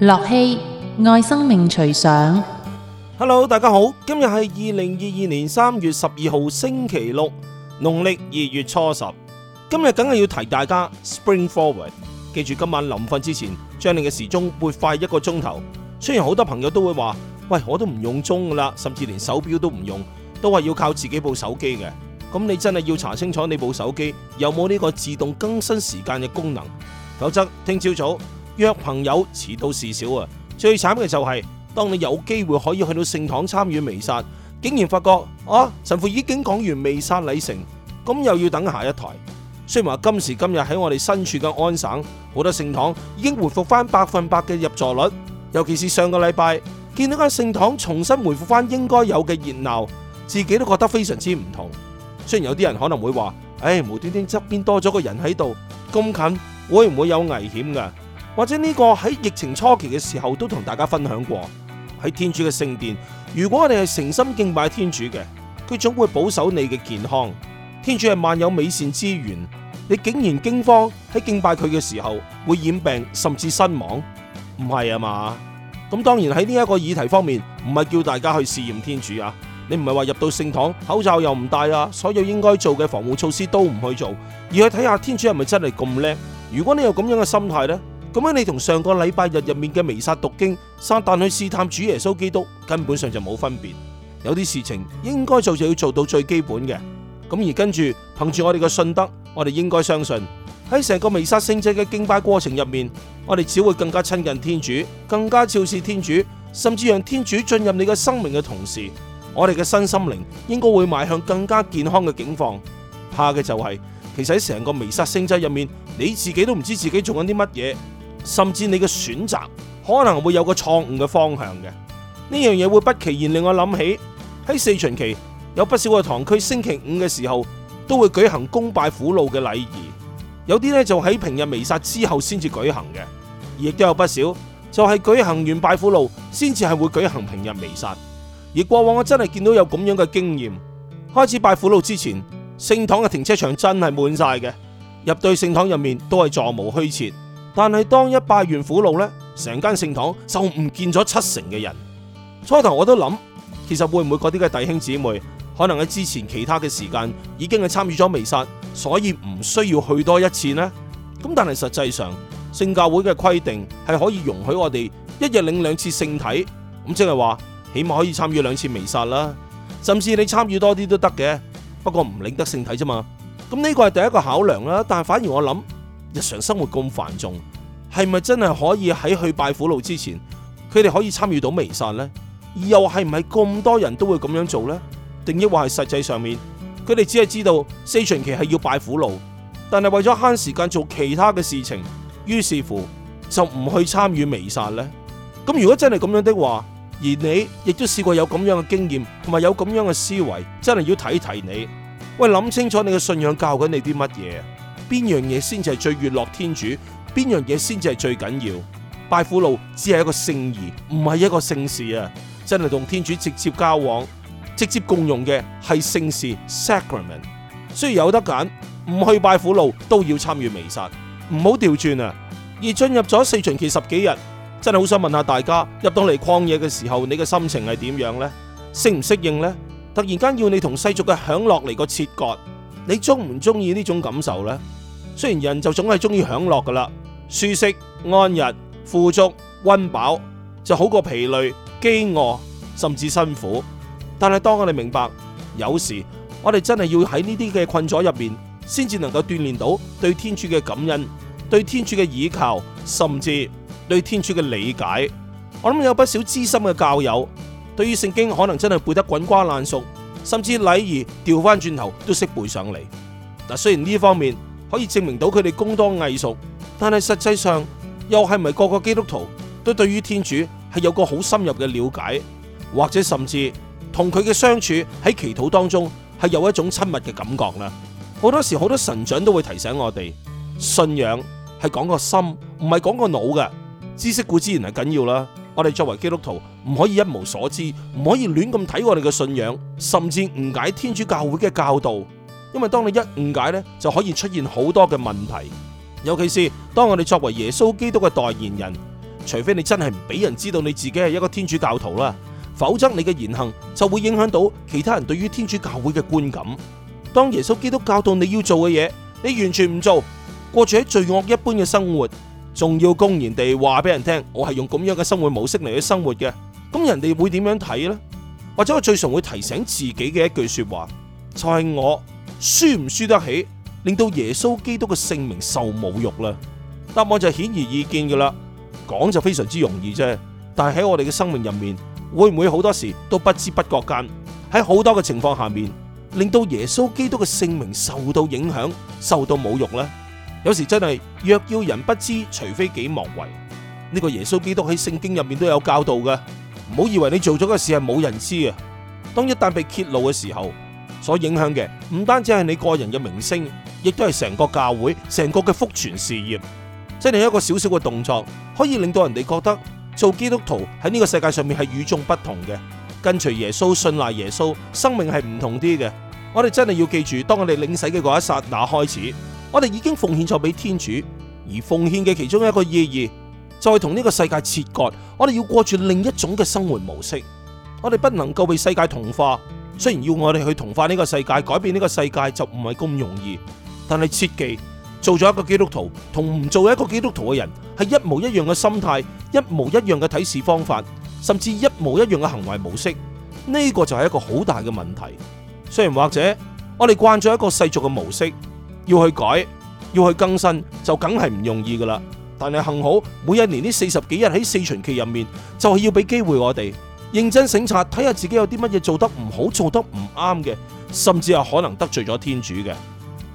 樂器愛生命隨想，Hello，大家好，今日係二零二二年三月十二號星期六，農曆二月初十。今日梗係要提大家 Spring Forward，記住今晚臨瞓之前將你嘅時鐘撥快一個鐘頭。雖然好多朋友都會話，喂，我都唔用鐘噶啦，甚至連手錶都唔用，都係要靠自己部手機嘅。咁你真係要查清楚你部手機有冇呢個自動更新時間嘅功能，否則聽朝早。約朋友遲到事小啊！最慘嘅就係，當你有機會可以去到聖堂參與彌撒，竟然發覺啊，神父已經講完彌撒禮成，咁又要等下一台。雖然話今時今日喺我哋身處嘅安省，好多聖堂已經恢復翻百分百嘅入座率，尤其是上個禮拜見到間聖堂重新恢復翻應該有嘅熱鬧，自己都覺得非常之唔同。雖然有啲人可能會話，誒，無端端側邊多咗個人喺度，咁近會唔會有危險㗎？或者呢個喺疫情初期嘅時候都同大家分享過，喺天主嘅聖殿，如果我哋係誠心敬拜天主嘅，佢總會保守你嘅健康。天主係萬有美善之源，你竟然驚慌喺敬拜佢嘅時候會染病甚至身亡，唔係啊嘛？咁當然喺呢一個議題方面，唔係叫大家去試驗天主啊。你唔係話入到聖堂口罩又唔戴啊，所有應該做嘅防護措施都唔去做，而去睇下天主係咪真係咁叻？如果你有咁樣嘅心態呢。咁樣你同上個禮拜日入面嘅彌撒讀經，撒旦去試探主耶穌基督，根本上就冇分別。有啲事情應該做就要做到最基本嘅。咁而跟住憑住我哋嘅信德，我哋應該相信喺成個彌撒聖祭嘅敬拜過程入面，我哋只會更加親近天主，更加照視天主，甚至讓天主進入你嘅生命嘅同時，我哋嘅身心靈應該會邁向更加健康嘅境況。怕嘅就係、是，其實喺成個彌撒聖祭入面，你自己都唔知自己做緊啲乜嘢。甚至你嘅選擇可能會有個錯誤嘅方向嘅，呢樣嘢會不其然令我諗起喺四旬期有不少嘅堂區星期五嘅時候都會舉行公拜苦路嘅禮儀，有啲呢就喺平日彌撒之後先至舉行嘅，亦都有不少就係、是、舉行完拜苦路先至係會舉行平日彌撒，而過往我真係見到有咁樣嘅經驗，開始拜苦路之前聖堂嘅停車場真係滿晒嘅，入到去聖堂入面都係座無虛設。但係當一拜完苦路呢，成間聖堂就唔見咗七成嘅人。初頭我都諗，其實會唔會嗰啲嘅弟兄姊妹可能喺之前其他嘅時間已經係參與咗彌撒，所以唔需要去多一次呢？咁但係實際上聖教會嘅規定係可以容許我哋一日領兩次聖體，咁即係話起碼可以參與兩次彌撒啦。甚至你參與多啲都得嘅，不過唔領得聖體咋嘛？咁呢個係第一個考量啦。但係反而我諗。日常生活咁繁重，係咪真係可以喺去拜苦路之前，佢哋可以參與到彌撒咧？又係唔係咁多人都會咁樣做呢？定抑或係實際上面，佢哋只係知道四旬期係要拜苦路，但係為咗慳時間做其他嘅事情，於是乎就唔去參與彌撒呢？咁如果真係咁樣的話，而你亦都試過有咁樣嘅經驗，同埋有咁樣嘅思維，真係要睇提你，喂，諗清楚你嘅信仰教緊你啲乜嘢？邊樣嘢先至係最悅樂天主？邊樣嘢先至係最緊要？拜苦路只係一個聖儀，唔係一個聖事啊！真係同天主直接交往、直接共融嘅係聖事 （sacrament）。雖然有得揀，唔去拜苦路都要參與彌撒，唔好調轉啊！而進入咗四旬期十幾日，真係好想問下大家，入到嚟曠野嘅時候，你嘅心情係點樣呢？適唔適應呢？突然間要你同世俗嘅享樂嚟個切割，你中唔中意呢種感受呢？雖然人就總係中意享樂噶啦，舒適安逸、富足溫飽就好過疲累飢餓，甚至辛苦。但係當我哋明白有時我哋真係要喺呢啲嘅困阻入面先至能夠鍛煉到對天主嘅感恩、對天主嘅倚靠，甚至對天主嘅理解。我諗有不少資深嘅教友，對於聖經可能真係背得滾瓜爛熟，甚至禮儀調翻轉頭都識背上嚟。嗱，雖然呢方面，可以證明到佢哋工多藝熟，但係實際上又係咪係個個基督徒都對於天主係有個好深入嘅了解，或者甚至同佢嘅相處喺祈禱當中係有一種親密嘅感覺呢？好多時好多神長都會提醒我哋，信仰係講個心，唔係講個腦嘅。知識固然係緊要啦。我哋作為基督徒唔可以一無所知，唔可以亂咁睇我哋嘅信仰，甚至誤解天主教會嘅教導。因為當你一誤解咧，就可以出現好多嘅問題。尤其是當我哋作為耶穌基督嘅代言人，除非你真係唔俾人知道你自己係一個天主教徒啦，否則你嘅言行就會影響到其他人對於天主教會嘅觀感。當耶穌基督教導你要做嘅嘢，你完全唔做，過住喺罪惡一般嘅生活，仲要公然地話俾人聽我係用咁樣嘅生活模式嚟去生活嘅，咁人哋會點樣睇呢？或者我最常會提醒自己嘅一句說話就係我。輸唔輸得起，令到耶穌基督嘅姓名受侮辱啦？答案就顯而易見噶啦，講就非常之容易啫。但係喺我哋嘅生命入面，會唔會好多時都不知不覺間喺好多嘅情況下面，令到耶穌基督嘅姓名受到影響、受到侮辱呢？有時真係若要人不知，除非己莫為。呢個耶穌基督喺聖經入面都有教導嘅，唔好以為你做咗嘅事係冇人知啊。當一旦被揭露嘅時候，所影響嘅唔單止係你個人嘅名聲，亦都係成個教會、成個嘅福傳事業。即係一個少少嘅動作，可以令到人哋覺得做基督徒喺呢個世界上面係與眾不同嘅。跟隨耶穌、信賴耶穌，生命係唔同啲嘅。我哋真係要記住，當我哋領洗嘅嗰一剎那開始，我哋已經奉獻咗俾天主，而奉獻嘅其中一個意義，就係同呢個世界切割。我哋要過住另一種嘅生活模式，我哋不能夠被世界同化。雖然要我哋去同化呢個世界、改變呢個世界就唔係咁容易，但係切記做咗一個基督徒同唔做一個基督徒嘅人係一模一樣嘅心態、一模一樣嘅睇事方法，甚至一模一樣嘅行為模式，呢個就係一個好大嘅問題。雖然或者我哋慣咗一個世俗嘅模式，要去改、要去更新就梗係唔容易㗎喇。但係幸好每一年呢四十幾日喺四旬期入面，就係要俾機會我哋。認真省察，睇下自己有啲乜嘢做得唔好、做得唔啱嘅，甚至係可能得罪咗天主嘅。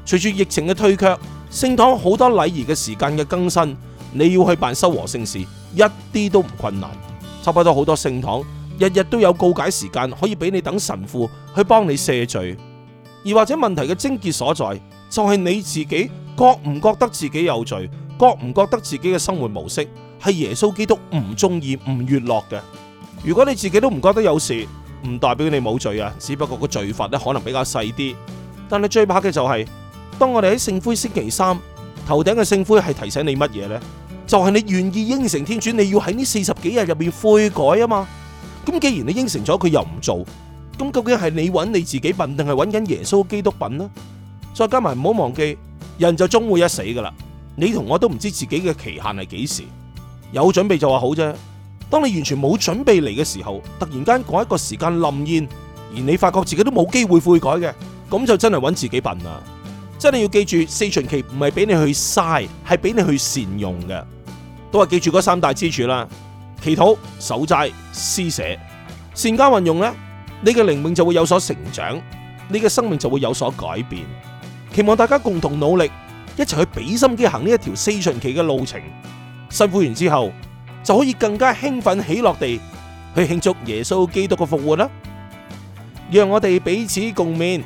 隨住疫情嘅退卻，聖堂好多禮儀嘅時間嘅更新，你要去辦修和聖事，一啲都唔困難。差不多好多聖堂，日日都有告解時間，可以俾你等神父去幫你赦罪。而或者問題嘅癥結所在，就係、是、你自己覺唔覺得自己有罪，覺唔覺得自己嘅生活模式係耶穌基督唔中意、唔悅樂嘅。如果你自己都唔覺得有事，唔代表你冇罪啊！只不過個罪罰咧可能比較細啲。但你最怕嘅就係，當我哋喺聖灰星期三頭頂嘅聖灰係提醒你乜嘢呢？就係你願意應承天主，你要喺呢四十幾日入面悔改啊嘛！咁既然你應承咗，佢又唔做，咁究竟係你揾你自己笨，定係揾緊耶穌基督笨呢？再加埋唔好忘記，人就終會一死噶啦！你同我都唔知自己嘅期限係幾時，有準備就話好啫。當你完全冇準備嚟嘅時候，突然間嗰一個時間臨現，而你發覺自己都冇機會悔改嘅，咁就真係搵自己笨啦！真係要記住四旬期唔係俾你去嘥，係俾你去善用嘅。都係記住嗰三大支柱啦：祈禱、守齋、施捨，善加運用呢，你嘅靈命就會有所成長，你嘅生命就會有所改變。期望大家共同努力，一齊去俾心機行呢一條四旬期嘅路程。辛苦完之後。就可以更加興奮喜樂地去慶祝耶穌基督嘅復活啦！讓我哋彼此共勉。